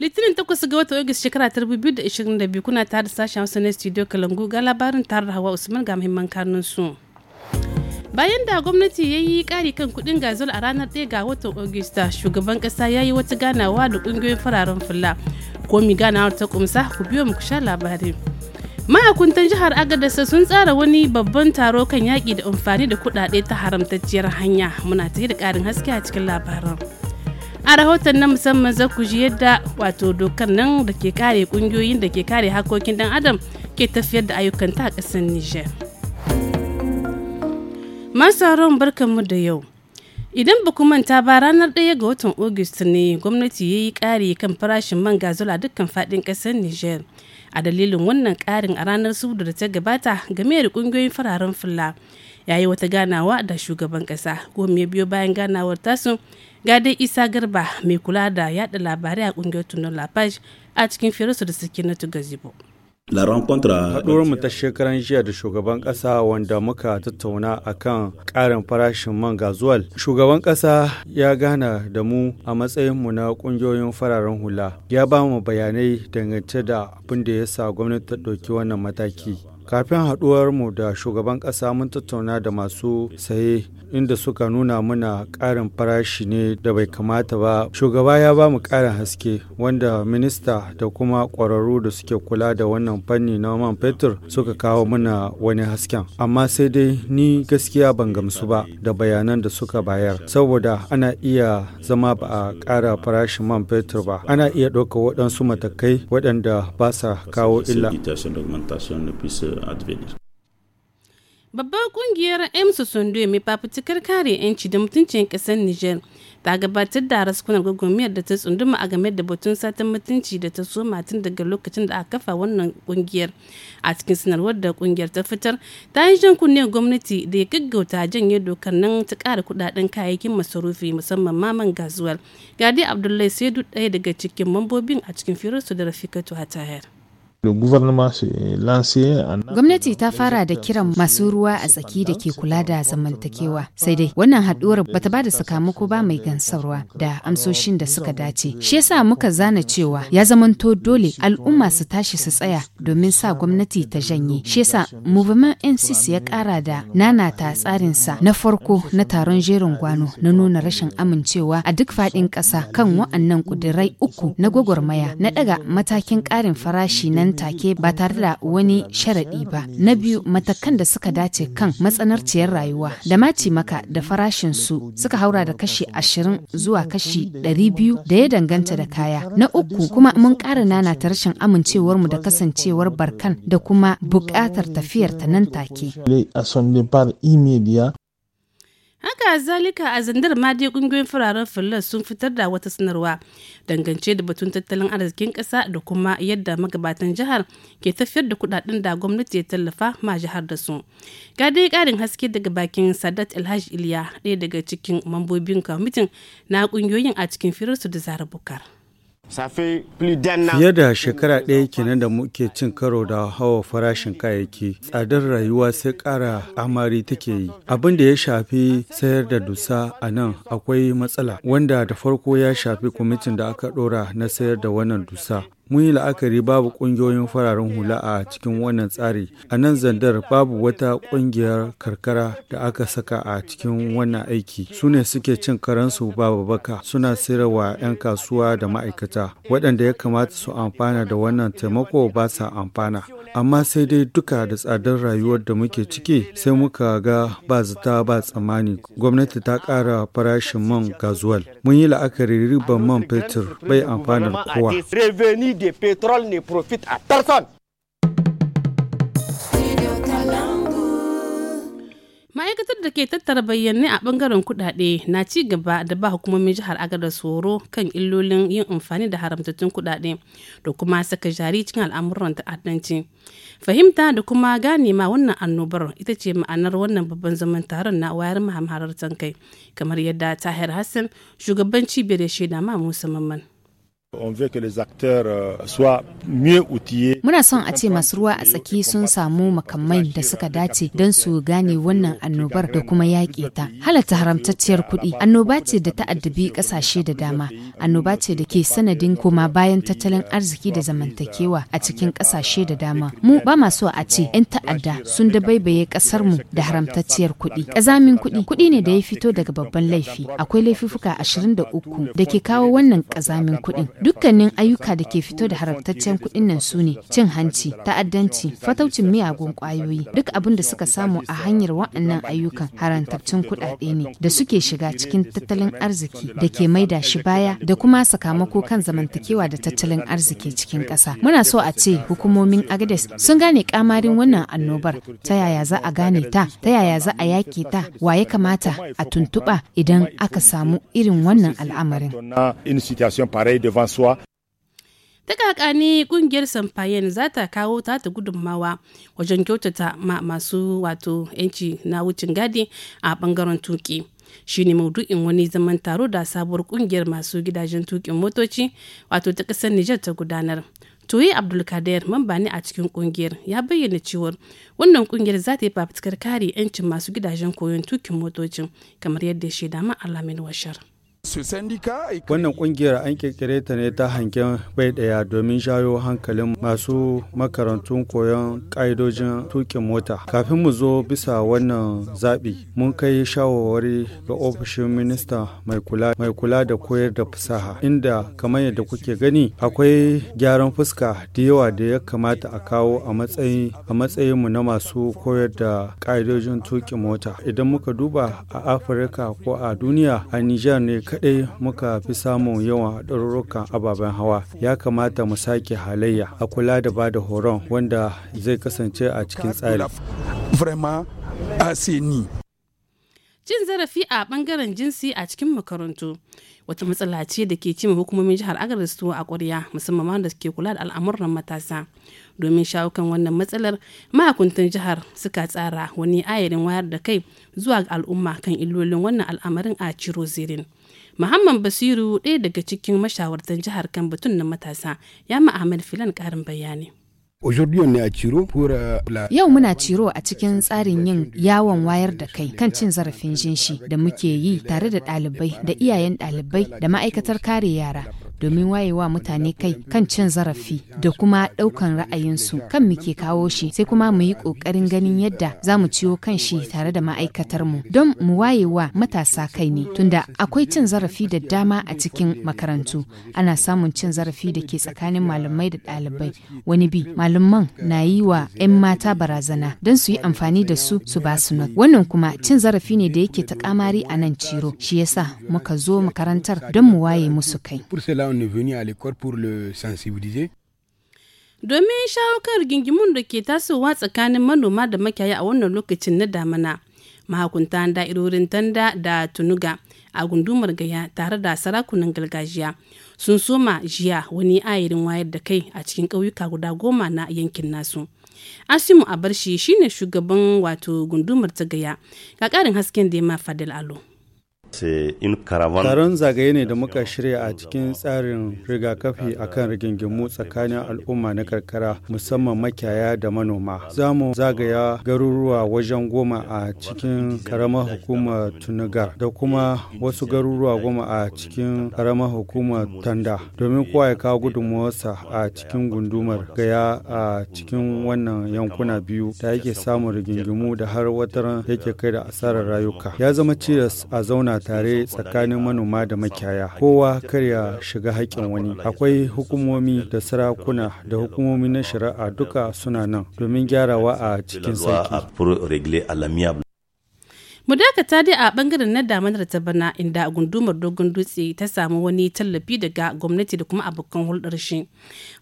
litinin takwas ga watan Ogis shekara ta biyu kuna tare da sashen hausa na studio kalangu ga labarin tare da hawa usman ga muhimman kanun su bayan da gwamnati ya yi kari kan kudin gazol a ranar 1 ga watan Ogista, shugaban kasa ya yi wata ganawa da kungiyoyin fararen fula komi ganawar ta kumsa ku biyo mu ku sha labarin ma'akuntan jihar agadasa sun tsara wani babban taro kan yaƙi da amfani da kuɗaɗe ta haramtacciyar hanya muna tafi da ƙarin haske a cikin labaran a rahoton na musamman za ku ji yadda wato dokar nan da ke kare ƙungiyoyin da ke kare hakokin dan adam ke tafiyar da ayyukan ta a ƙasar niger masu barkanmu da yau idan ba ku manta ba ranar ɗaya ga watan august ne gwamnati ya yi ƙari kan farashin man gazola dukkan faɗin ƙasar niger a dalilin wannan ƙarin a ranar sudu da ta gabata game da ƙungiyoyin fararen fulla ya yi wata ganawa da shugaban ƙasa goma biyo bayan ganawar tasu gadai isa garba mai kula da yada labarai a ƙungiyar tunan lafaj a cikin firarsu da suke na tugazibo Haɗuwar mu ta shekaran jiya da shugaban ƙasa wanda muka tattauna akan ƙarin farashin man gazuwal. Shugaban ƙasa ya gana da mu a matsayin mu na ƙungiyoyin fararen hula. Ya ba mu bayanai dangance da abin da ya sa gwamnati ta ɗauki wannan mataki. Kafin haɗuwarmu da shugaban ƙasa mun tattauna da masu saye inda suka nuna muna ƙarin farashi ne da bai kamata ba. Shugaba ya ba mu ƙarin haske wanda minista da kuma ƙwararru da suke kula da wannan fanni na man fetur suka kawo muna wani hasken. Amma sai dai ni gaskiya ban gamsu ba da bayanan da suka bayar saboda ana iya zama ba a ƙara farashin man fetur ba. Ana iya ɗauka waɗansu matakai waɗanda ba sa kawo illa. advenir babbar kungiyar emsu sundu mai fafutukar kare 'yanci da mutuncin kasar nijar ta gabatar da raskunar gwagwarmiyar da ta tsunduma a game da batun satin mutunci da ta soma tun daga lokacin da aka kafa wannan kungiyar a cikin sanarwar da kungiyar ta fitar ta yi jan kunnen gwamnati da ya gaggauta janye dokar nan ta kara kudaden kayayyakin masarufi musamman maman gazuwar gadi abdullahi sai daya daga cikin mambobin a cikin firarsu da rafikatu tahir. Gwamnati ta fara da kiran masu ruwa a tsaki da ke kula da zamantakewa. Sai dai wannan haɗuwar bata ba da sakamako ba mai gansarwa da amsoshin da suka dace. Shi yasa muka zana cewa ya zamanto dole al'umma su tashi su tsaya domin sa gwamnati ta janye. Shi yasa Movement NCC ya ƙara da nanata sa na farko na taron jerin gwano na nuna rashin amincewa a duk faɗin ƙasa kan wa'annan ƙudurai uku na gwagwarmaya na ɗaga matakin ƙarin farashi nan nan take ba tare da wani sharaɗi ba na biyu matakan da suka dace kan matsanarciyar rayuwa da maci maka da farashin su suka haura da kashi ashirin zuwa kashi ɗari biyu da ya danganta da kaya na uku kuma mun ƙara ta rashin amincewar mu da kasancewar barkan da kuma buƙatar tafiyar ta nan take haka zalika a zandar ma dai kungiyoyin fararen fillar sun fitar da wata sanarwa dangance da batun tattalin arzikin kasa da kuma yadda magabatan jihar ke tafiyar da kudaden da gwamnati ya tallafa ma jihar da su ga dai karin haske daga bakin sadat alhaji iliya ɗaya daga cikin mambobin kwamitin na kungiyoyin a cikin firarsu da zarar bukar Fiye da shekara ɗaya kenan da muke cin karo da hawa farashin kayayyaki, tsadar rayuwa sai ƙara amari take yi. Abin da ya shafi sayar da dusa a nan akwai matsala, wanda da farko ya shafi kwamitin da aka ɗora na sayar da wannan dusa. mun yi la'akari babu ƙungiyoyin fararen hula a cikin wannan tsari a nan zandar babu wata ƙungiyar karkara da aka saka a cikin wannan aiki su ne suke cin karansu babu baka suna wa 'yan kasuwa da ma'aikata waɗanda ya kamata su amfana da wannan taimako ba sa amfana amma sai dai duka da tsadar rayuwar da muke ciki sai muka ga ba zata ba tsammani gwamnati ta ƙara farashin man gazuwal mun yi la'akari ribar man fetur bai amfanar kowa de pétrole ne profite à personne. ma'aikatar da ke tattara bayanai a bangaren kudade na ci gaba da ba hukumomin jihar agadar tsoro kan illolin yin amfani da haramtattun kudade da kuma saka jari cikin al'amuran ta'addanci fahimta da kuma gane ma wannan annobar ita ce ma'anar wannan babban zaman taron na wayar mahamharar kai kamar yadda tahir hassan shugaban cibiyar ya shaida ma musa mamman Euh, Muna son a ce masu ruwa a tsaki sun samu makamai da suka dace don su gane wannan annobar da kuma yaƙe ta. Halatta haramtacciyar kuɗi annoba ce da ta addabi ƙasashe da dama, annoba ce da ke sanadin koma bayan tattalin arziki da zamantakewa a cikin ƙasashe da dama. Mu ba ma so a ce 'yan ta'adda sun dabaibaye ƙasar mu da haramtacciyar kuɗi. Ƙazamin kuɗi kuɗi ne da ya fito daga babban laifi. Akwai laifuffuka 23 da ke kawo wannan ƙazamin kuɗin. Dukkanin ayyuka da ke fito da haramtaccen kuɗin nan su ne cin hanci, ta'addanci, fataucin miyagun ƙwayoyi, duk abin da suka samu a hanyar waɗannan ayyukan haramtaccen kuɗaɗe ne da suke shiga cikin tattalin arziki da ke maida shi baya da kuma sakamako kan zamantakewa da tattalin arziki cikin ƙasa. Muna so a ce hukumomin Agades sun gane kamarin wannan annobar ta yaya za a gane ta, ta yaya za a yake ta, wa ya kamata a tuntuɓa idan aka samu irin wannan al'amarin. kasuwa ta kaka ne kungiyar samfayen za ta kawo ta ta gudunmawa wajen kyautata ma masu wato yanci na wucin gadi a bangaren tuki shine maudu'in wani zaman taro da sabuwar kungiyar masu gidajen tukin motoci wato ta kasar nijar ta gudanar toyi abdulkader mamba ne a cikin kungiyar ya bayyana cewar wannan kungiyar za ta yi fafutukar kare 'yancin masu gidajen koyon tukin motocin kamar yadda shaida ma alamin washar Wannan kungiyar an kirkire ta ne ta hangen bai daya domin shayo hankalin masu makarantun koyon ƙa'idojin tukin mota. Kafin mu zo bisa wannan zaɓi, mun kai shawarwari ga ofishin minista mai kula da koyar da fasaha, inda kamar yadda kuke gani akwai gyaran fuska da yawa da ya kamata a kawo a matsayin a matsayin mu na masu koyar da ƙa'idojin tukin mota. Idan muka duba a Afirka ko a duniya, a Nijar ne kaɗai muka fi samun yawan ɗarurrukan ababen hawa. Ya kamata mu sake halayya a kula da ba da horon wanda zai kasance a cikin tsari. cin zarafi a ɓangaren jinsi a cikin makarantu wata matsala ce da ke ma hukumomin jihar Agadez a ƙwarya musamman ma da ke kula da al'amuran matasa. Domin shawo wannan matsalar mahakuntan jihar suka tsara wani ayarin wayar da kai zuwa ga al'umma kan illolin wannan al'amarin a Ciro Zirin. Muhammad Basiru ɗaya daga cikin mashawartan jihar kan batun na matasa ya ma Ahmed Filan ƙarin bayani. Euh, Yau muna ciro a cikin tsarin yin yawon wayar da kai kan cin zarafin jinshi da muke yi tare da ɗalibai da iyayen ɗalibai da ma'aikatar kare yara domin wayewa mutane kai kan cin zarafi da kuma ɗaukan ra'ayinsu kan mu ke kawo shi sai kuma mu yi ƙoƙarin ganin yadda za mu ciwo kan shi tare da ma'aikatar mu don mu wayewa matasa kai ne tunda akwai cin zarafi da dama a cikin makarantu ana samun cin zarafi da ke tsakanin malamai da ɗalibai wani bi malaman na yi wa 'yan mata barazana don su yi amfani da su su ba su wannan kuma cin zarafi ne da yake ta kamari a nan ciro shi yasa muka zo makarantar don mu waye musu kai on est venu à l'école pour le sensibiliser domin shawakar gingimun da ke tasowa tsakanin manoma da makiyaya a wannan lokacin na damana mahakunta da'irorin tanda da tunuga a gundumar gaya tare da sarakunan gargajiya sun soma jiya wani ayarin wayar da kai a cikin ƙauyuka guda goma na yankin nasu asimu abarshi shine shugaban wato gundumar ta gaya ga ƙarin hasken da ya ma fadil alo Taron zagaye ne da muka shirya a cikin tsarin rigakafi akan rigingimu tsakanin al'umma na karkara musamman makiyaya da manoma. Za mu zagaya garuruwa wajen goma a cikin karamar hukumar Tunugar da kuma wasu garuruwa goma a cikin karamar hukumar Tanda domin kowa ya kawo gudunmuwarsa a cikin gundumar gaya a cikin wannan yankuna biyu da yake samun rigingimu da har wata yake kai da asarar rayuka. Ya zama cidas a zauna tare tsakanin manoma da makiyaya kowa kar ya shiga haƙƙin wani akwai hukumomi da sarakuna da hukumomi na shari'a duka suna nan domin gyarawa a cikin sauki mu dakata dai a bangaren na damar ta bana inda gundumar dogon dutse ta samu wani tallafi daga gwamnati da kuma abokan hulɗar shi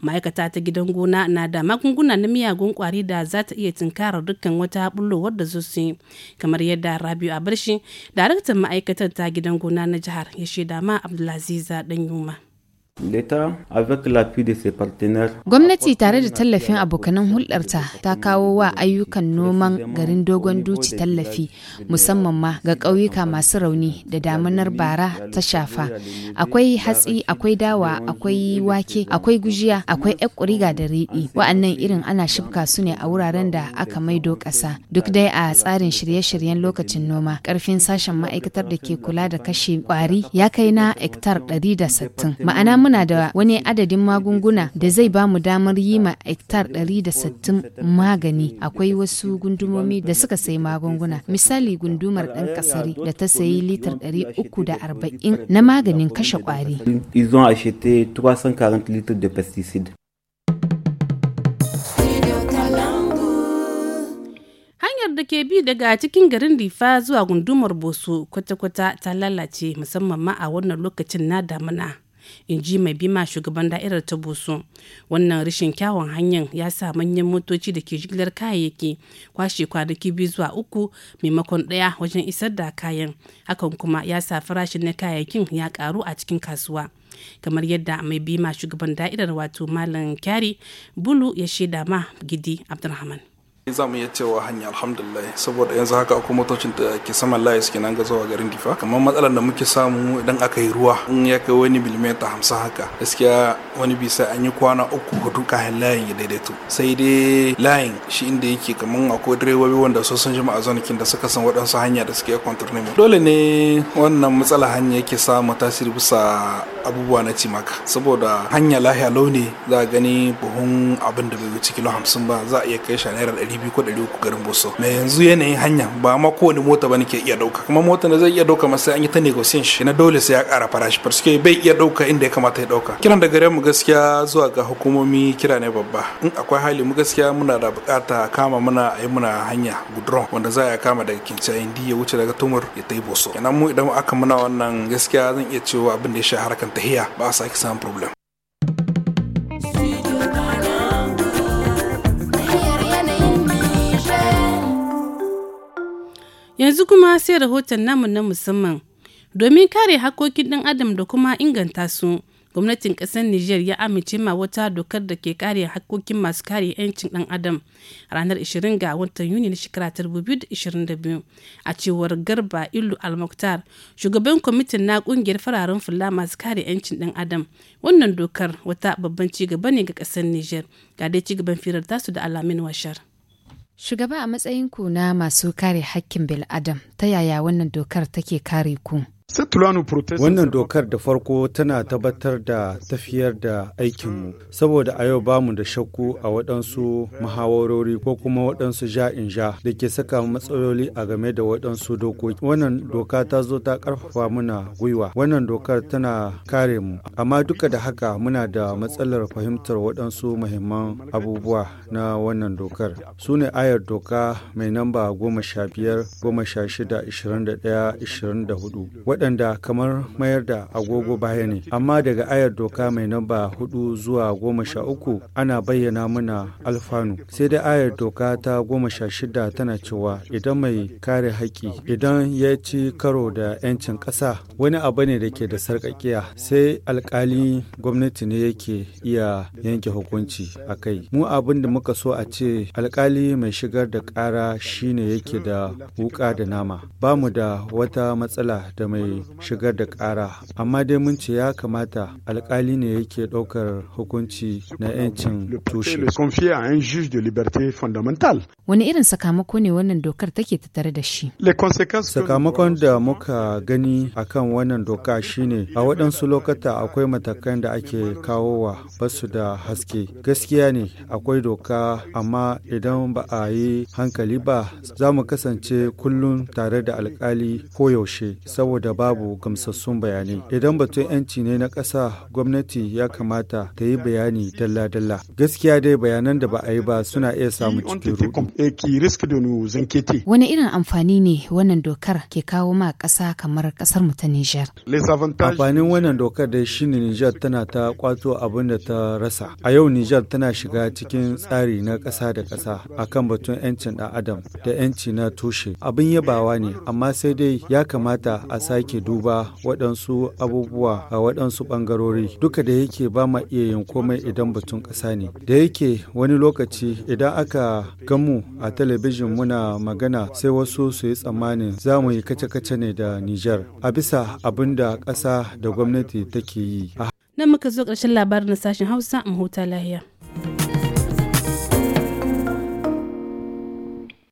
ma'aikata ta gidan gona na da magunguna na miyagun kwari da za ta iya tunkarar dukkan wata bullowar da zo su kamar yadda rabiu a barshi daraktan ma'aikatar ta gidan gona na jihar ya shaida ma abdulaziza dan yuma Gwamnati tare da tallafin abokanan hulɗarta ta kawo wa ayyukan noman garin Dogon Duci tallafi musamman ma ga ƙauyuka masu rauni da daminar bara ta shafa. Akwai hatsi, akwai dawa, akwai wake, akwai gujiya, akwai ƙuriga da riɗi. Wa'annan irin ana shifka su ne a wuraren da aka maido ƙasa. Duk dai a tsarin shirye-shiryen lokacin noma, ƙarfin sashen ma'aikatar da ke kula da kashe ƙwari ya kai na hektar 160. Ma'ana muna da wani adadin magunguna da zai ba mu damar yi ma hektar 160 magani akwai wasu gundumomi da suka sayi magunguna misali gundumar ɗan kasari da ta sayi litar 340 na maganin kashe kwari. hanyar da ke bi daga cikin garin Rifa zuwa gundumar Boso kwata-kwata ta lalace musamman ma a wannan lokacin na damina. in ji mai bima shugaban da'irar ta boso wannan rashin kyawun hanyar ya sa manyan motoci da ke jigilar kayayyaki kwashe kwanaki biyu zuwa uku maimakon ɗaya wajen isar da kayan hakan kuma ya sa farashin na kayayyakin ya karu a cikin kasuwa kamar yadda mai bima shugaban da'irar wato malam kyari bulu ya shaida ma gidi abdulrahman za mu iya cewa hanya alhamdulillah saboda yanzu haka akwai motocin da ke saman layi suke nan ga zuwa garin difa kamar matsalar da muke samu idan aka yi ruwa in ya kai wani milimita hamsin haka gaskiya wani bisa an yi kwana uku hudu kayan layin ya daidaito sai dai layin shi inda yake kamar akwai direbobi wanda su sun jima a zonakin da suka san waɗansu hanya da suke kwantar ne dole ne wannan matsala hanya yake samu tasiri bisa abubuwa na cimaka saboda hanya lahiya launi za a gani buhun abin da bai wuce kilo hamsin ba za a iya kai shi naira ɗari biyu ko ɗari uku garin boso mai yanzu yanayin hanya ba ma kowane mota bane ke iya ɗauka kuma mota da zai iya ɗauka masa an yi ta negosiyan shi na dole sai ya ƙara farashi suke bai iya ɗauka inda ya kamata ya ɗauka kiran da gare mu gaskiya zuwa ga hukumomi kira ne babba in akwai hali mu gaskiya muna da bukata kama muna a yi muna hanya gudron wanda za a kama daga kinca indi ya wuce daga tumur ya ta yi boso kenan mu idan aka muna wannan gaskiya zan iya cewa abin da ya sha harkan tahiya ba a sake samun problem yanzu kuma sai rahoton namu na musamman domin kare hakokin ɗan adam da kuma inganta su gwamnatin ƙasar niger ya amince ma wata dokar da ke kare hakokin masu kare 'yancin dan adam ranar 20 ga watan yuni na shekara 2022 a cewar garba ilu almuktar shugaban kwamitin na ƙungiyar fararen fula masu kare 'yancin ɗan adam wannan dokar wata babban cigaba ne ga ƙasar niger ga dai cigaban firar tasu da alamin washar Shugaba a matsayinku na masu kare hakkin bil'adam ta yaya wannan dokar take kare ku? Wannan dokar da farko tana tabbatar da tafiyar da aikinmu, saboda a yau bamu da shakku a waɗansu muhawarori ko kuma waɗansu ja'in ja da ke saka matsaloli a game da waɗansu dokoki. Wannan doka ta zo ta ƙarfafa muna gwiwa. Wannan dokar tana kare mu, amma duka da haka muna da matsalar fahimtar waɗansu muhimman abubuwa na wannan dokar. Su ayar doka mai namba goma sha biyar, goma sha shida, ishirin da ɗaya, ishirin da hudu. waɗanda kamar mayar da agogo baya ne amma daga ayar doka mai namba hudu zuwa goma sha uku ana bayyana mana alfanu sai dai ayar doka ta goma sha shida tana cewa idan mai kare haƙƙi idan ya ci karo da 'yancin ƙasa wani abu ne da ke da sarƙaƙiya sai alƙali gwamnati ne yake iya yanke hukunci a kai mu abin da muka so a ce alƙali mai shigar da ƙara shine yake da wuƙa da nama ba mu da wata matsala da mai shigar da ƙara amma dai mun ce ya kamata alkali ne yake ɗaukar hukunci na 'yancin tushe wani irin sakamako ne wannan dokar take tattare da shi sakamakon da muka gani akan wannan doka shine a waɗansu lokata akwai matakan da ake kawo wa basu da haske gaskiya ne akwai doka amma idan ba a yi hankali ba za mu kasance kullum tare da alkali koyaushe saboda babu gamsassun bayanai. Idan batun 'yanci ne na ƙasa gwamnati ya kamata ta yi bayani dalla-dalla. Gaskiya dai bayanan da ba a yi ba suna iya samu cikin rudu. Wani irin amfani ne wannan dokar ke kawo ma ƙasa kamar ƙasar mu ta Nijar? Amfanin wannan dokar dai ne Nijar tana ta kwato abin da ta rasa. A yau Nijar tana shiga cikin tsari na ƙasa da ƙasa akan batun 'yancin ɗan adam da 'yanci na tushe. Abin yabawa ne amma sai dai ya kamata a sake yake duba waɗansu abubuwa a waɗansu bangarori duka da yake ba ma iya yin komai idan batun ƙasa ne da yake wani lokaci idan aka gamu a talabijin muna magana sai wasu su yi tsammanin za mu yi kace-kace ne da Nijar a bisa abin da ƙasa da gwamnati take yi. Nan muka zo ƙarshen labarin sashen Hausa a huta lahiya.